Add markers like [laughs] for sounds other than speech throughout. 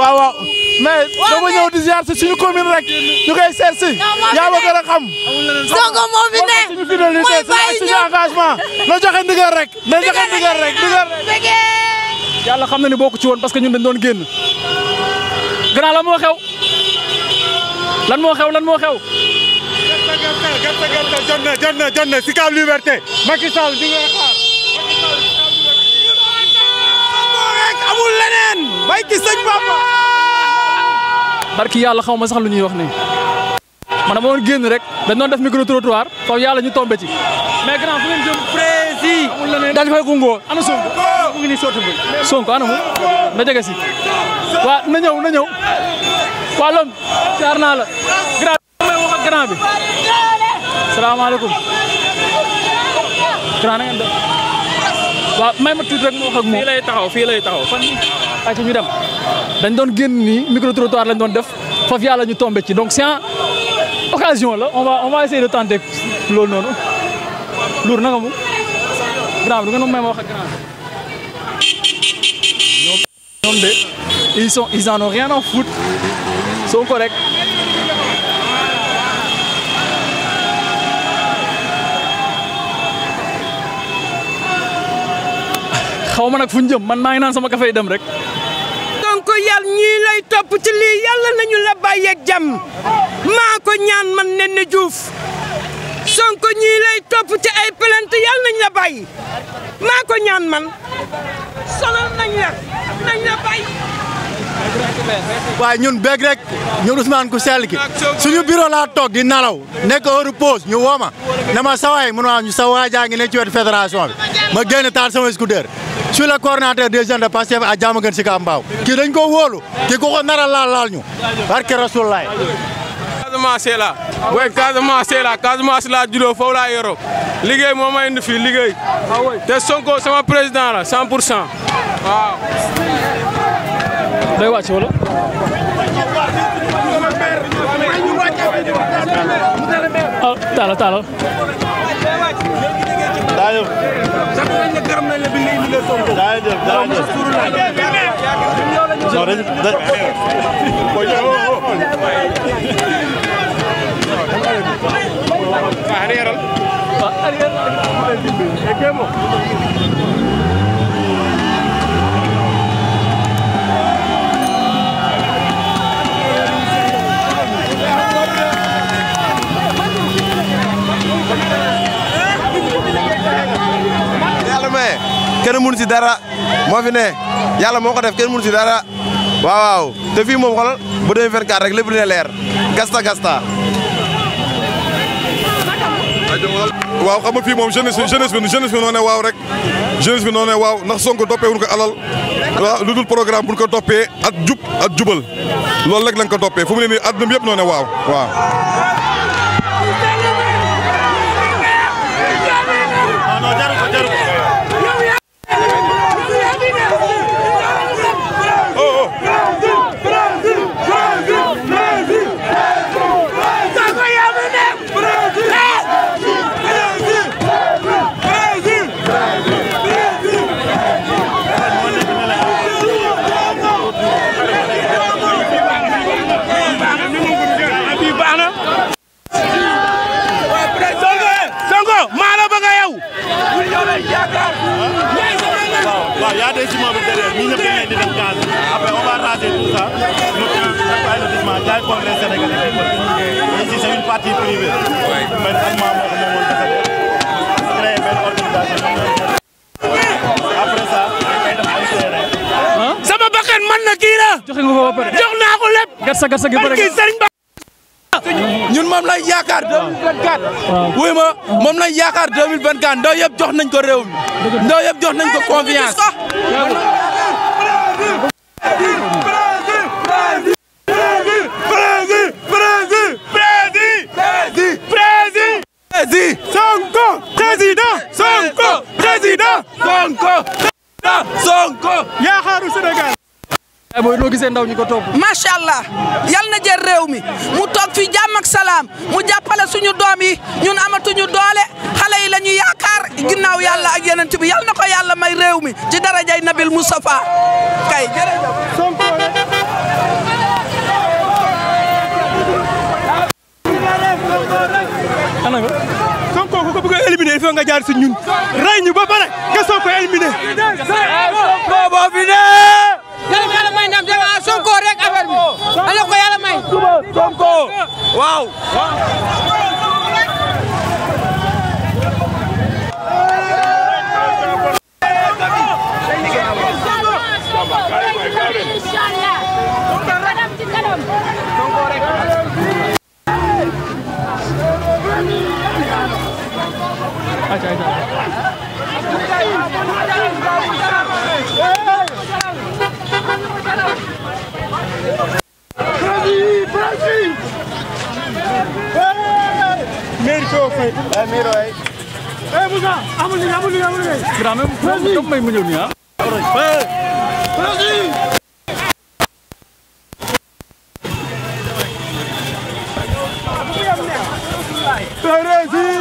waaw waaw mais dama di ziar si suñu commune rek ñu koy seet si yaa ma gën a xam Sonko moo fi ne suñu fidélité suñu engagement na joxe ndigal rek na joxe ndigal rek ndigal rek xam na ni bokku ci woon parce que ñu dañ doon génn gannaaw moo xew lan moo xew lan moo xew gerte gerte jot na jot na jot na si kaw liberté Macky Sall di nga xaar amul leneen bay ki sëñ Bamba barki yàlla xaw ma sax lu ñuy wax nii ma dama doon génn rek dañ doon def micro trottoir foofu yàlla ñu tombé ci. mais grand fu ngeen jëm précis. amul leneen daal di fay gungoo ana Sonko. mu bi Sonko ana mu na jege waa na ñëw na ñëw. waa Lom jaar naa la. grand bi may wax ak grand bi. salaamaaleykum. na ngeen ma tuuti rek ma wax ak lay taxaw fii lay taxaw ay ci ñu dem dañ doon génn nii micro trottoir lañ doon def foofu yàlla ñu tombé ci donc c'est une occasion la on va on va essayer de tenter loolu noonu lour nanga mu grand bi du may ma wax ak grand bi ñoom de en ont rien à foutre xaw ma nag jëm man naa ngi naan sama café yi dem rek Sénégal ñii lay topp ci lii yàlla nañu la bàyyeeg jàmm maa ko ñaan man Néné juuf Sonko ñii lay topp ci ay plainte yàlla nañ la bàyyi maa ko ñaan man sonal nañ la nañ la bàyyi waaye ñun beeg rek ñun Ousmane ku sel ki suñu bureau laa toog di nalaw nekk heure pause ñu woo ma ne ma sawaay mu waa ñu sa waajaa ngi ne ci wetu fédération ma génn taal sama scooter je suis le coordonnateur des jeunes de Pastef à Diamaguène Sicap Mbao kii dañ ko wóolu kii ku ko nara laal laal ñu barke Rasulullaay Casamance la booy Casamance la Casamance la juddoo foofu laa yoroo liggéey moo ma indi fii liggéey ah te Sonko sama président la 100 pour cent day wàcc wala. ah taalal taalal. daa yëg. daa yëg daa yëg. non dañuy da. waaw arrière la. kenn mënu si dara moo fi ne yàlla moo ko def kenn mënu si dara waaw waaw te fii moom xoolal ba 2024 rek lépp ne leer gasta gasta. waaw xam nga moom jeunesse jeunesse bi jeunesse bi waaw rek jeunesse bi noo waaw ndax Sonko toppee wuñ ko alal lu dul programme buñ ko toppee at jub at jubal loolu rek lañ ko doppee fo mu ne nii àdduna bi yëpp noo ne waaw. lotissement jaay sama bakkan man na kii ko ba pare jox naa ko lépp. gerte gerte gi ñun moom lañ yaakaar 2024. wuy ma moom lañ yaakaar 2024 ndaw yëpp jox nañ ko réew ndaw yëpp jox nañ ko confiance. président Sonko président Sonko président Sonko Sonko yaakaaru Sénégal mooy noo gisee ndaw ñi ko topp macha allah yal na jël réew mi mu toog fi jàmm ak salaam mu jàppale suñu doom yi ñun amatuñu doole xale yi la ñu yaakaar ginnaaw yàlla ak yeneen bi yal na ko yàlla may réew mi ci darajay Nabil Moustapha kay jërëjëf Ana il jaar si ñun rey ñu ba pare nga soog ko éliminé. boo fi dee. yàlla na yàlla may ndam dégg nga Sonko rek affaire bi yàlla ko yàlla may. Sonko waaw. Inshallah. আচ্ছা আচ্ছা Meer koo fay. waaw meer waay. eh Moussa amul liggéey amul liggéey amul liggéey. Dramé moom comme may ma ñëw nii ah. Brésil. Brésil.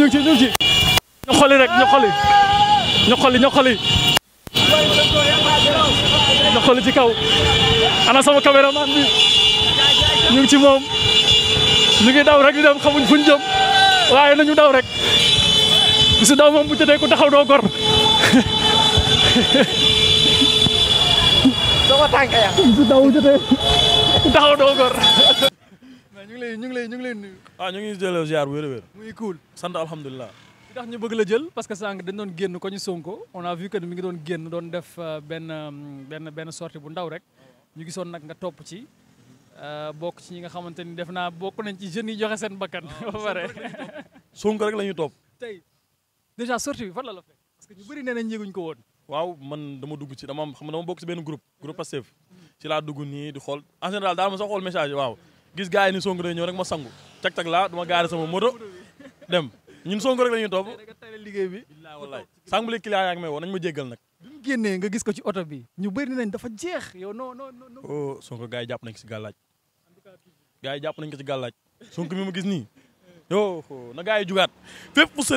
ñu ngi ci ñu ngi ñu xoli rek ñu xoli ñu xoli ñu xoli ñu ci kaw ana sama caméraman bi ñu ci moom ñu ngi daw rek di dem xamuñ fuñ jëm waaye nañu daw rek bisu daw moom bu jotee ku taxaw doo gor. sama tànk ya ku taxaw doo ñu ngi lay ñu ngi lay ñu ngi lay nuyu. waaw ah, ñu ngi jëlee ziar wér la jël parce que sànq dañ doon génn ko ñu Sonko on a vu génn doon def euh, benn benn benn sortie bu ndaw rek ñu gisoon nag nga topp ci. Euh, bokk ci ñi xamante ni def naa bokk nañ ci jeunes yi joxe seen bakkan. Ah, [laughs] ba pare Sonko rek la ñuy topp. tey déjà sortie bi fan que ñu bëri nee nañ yëguñ ko woon. waaw man dama dugg ci dama xam dama bokk ci benn groupe groupe Pastef ci laa dugg nii di xool en général daal ma sax xool message waaw. gis gars yi ni Sonko day ñëw rek ma sangu cag cag laa dama gaari sama moto dem ñun Sonko rek la ñuy liggéey bi wallaay sàmbale client yaa ngi may woo ma jéggal nag bi mu génnee nga gis ko ci oto bi ñu bëri nañ dafa jeex yow non non non oh Sonko jàpp nañ si gàllaaj gars jàpp nañ ko si gàllaaj Sonko mi ma gis nii yo na gars yi jugaat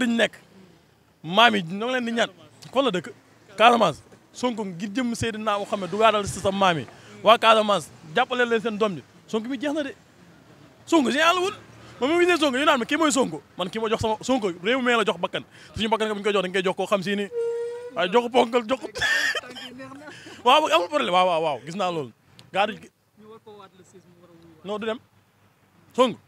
nekk maam yi ñoo ngi leen di ñaan fan la dëkk Casamance Sonko ngir jëm Seydina Muhammad du gaadal si sa maam yi waa Casamance jàppale leen seen jeex na de Sonko général wul man mi ngi ne Sonko naan ma kii mooy Sonko man kii ma jox sama Sonko réew mi la jox bakkan suñu bakkan nga bu ñu koy jox dañ si ni waaye jox ko ponkal jox [laughs] waaw waaw gis naa lool gaa di non du dem Sonko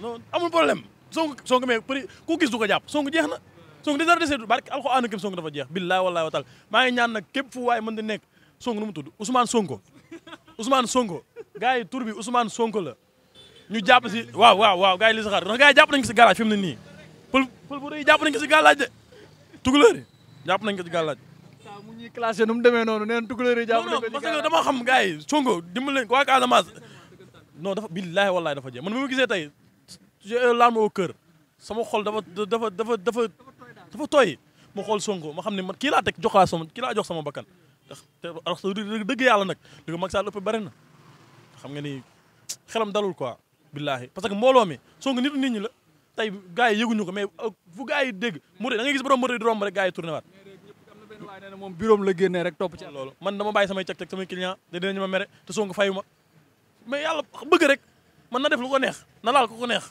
non amul problème Sonko Sonko mais prix ku gis du ko jàpp Sonko jeex na Sonko di dara deseetu barke alxuraan képp Sonko dafa jeex billaay wallaay wa taala maa ngi ñaan nag képp fu waay mën di nekk Sonko nu mu tudd Ousmane Sonko Sonko gars yi tur bi Ousmane Sonko la ñu jàpp si waaw waaw waaw gars yi li si xaar ndax gars yi jàpp nañ ko si gàllaaj fi mu nii pël pël bu rëy jàpp nañ ko si gàllaaj de tukulóor yi jàpp nañ ko si gàllaaj waaw mu ñuy classé nu mu demee noonu neen tukulóor yi jàpp nañ ko si parce que dama xam gars yi Sonko dimbali leen waa Casamance non dafa billaahi wallaahi dafa ma gisee tey j'ai larme au cœur sama xol dafa dafa dafa dafa dafa tooy ma xool Sonko ma xam ne ma kii laa jox laa sama kii jox sama bakkan ndax te dëgg yàlla nag li ko Macky Sall bari na xam nga ni xelam dalul quoi billaahi parce que mbooloo mi Sonko nitu nit ñi la tey gars yi yëguñu ko mais euh, fu gars yi dégg mu da ngay gis borom moto di romb rek gars yi tourné waat waaye nee na la génnee rek topp ci loolu man dama bàyyi samay cag-cag samay client da dinañu ma mere te Sonko fayu ma mais yàlla bëgg rek man na def lu ko neex na laal ko ko neex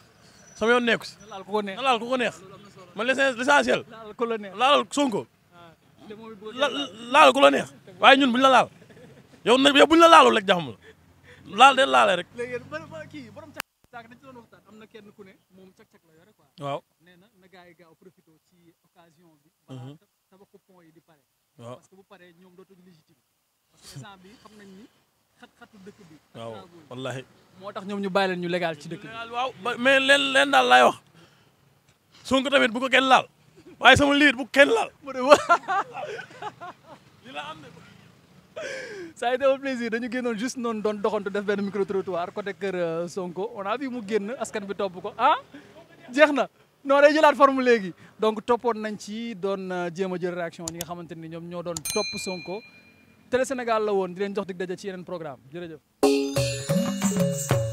sama yoon nekku si na laal ko ko neex man l'essentiel laalal Sonko ah, laal ko la neex waaye ñun buñ la laal yow nag yow buñ la laalul rek jaxam la laal de laale rek. léegi kii borom càq càq dañ ci doon waxtaan am na kenn ku ne moom càq-càq waaw nee na na gars yi gaaw profité ci occasion bi. Mhm. balaa yi di pare. waaw parce que bu paree ñoom dootuñu légitime. parce bi xam nañ ni xat-xatu dëkk bi. waaw wallaahi. moo tax ñoom ñu bàyyi leen ñu légal ci dëkk bi. waaw mais len leen daal laay wax. Sonko tamit bu ko kenn laal. waaye sama liir bu kenn laal. [laughs] [laughs] li la am de. [laughs] ça a été un plaisir dañu génnoon juste noonu doon doxantu def benn micro trottoir côté kër euh, Sonko on a mu génn askan bi topp ko ah jeex na non day jëlaat forme léegi donc toppoon nañ ci doon euh, jéem a jël réaction ñi nga xamante ni ñoom ñoo doon topp Sonko Télé Sénégal la woon di leen jox dig daje ci yeneen programme jërëjëf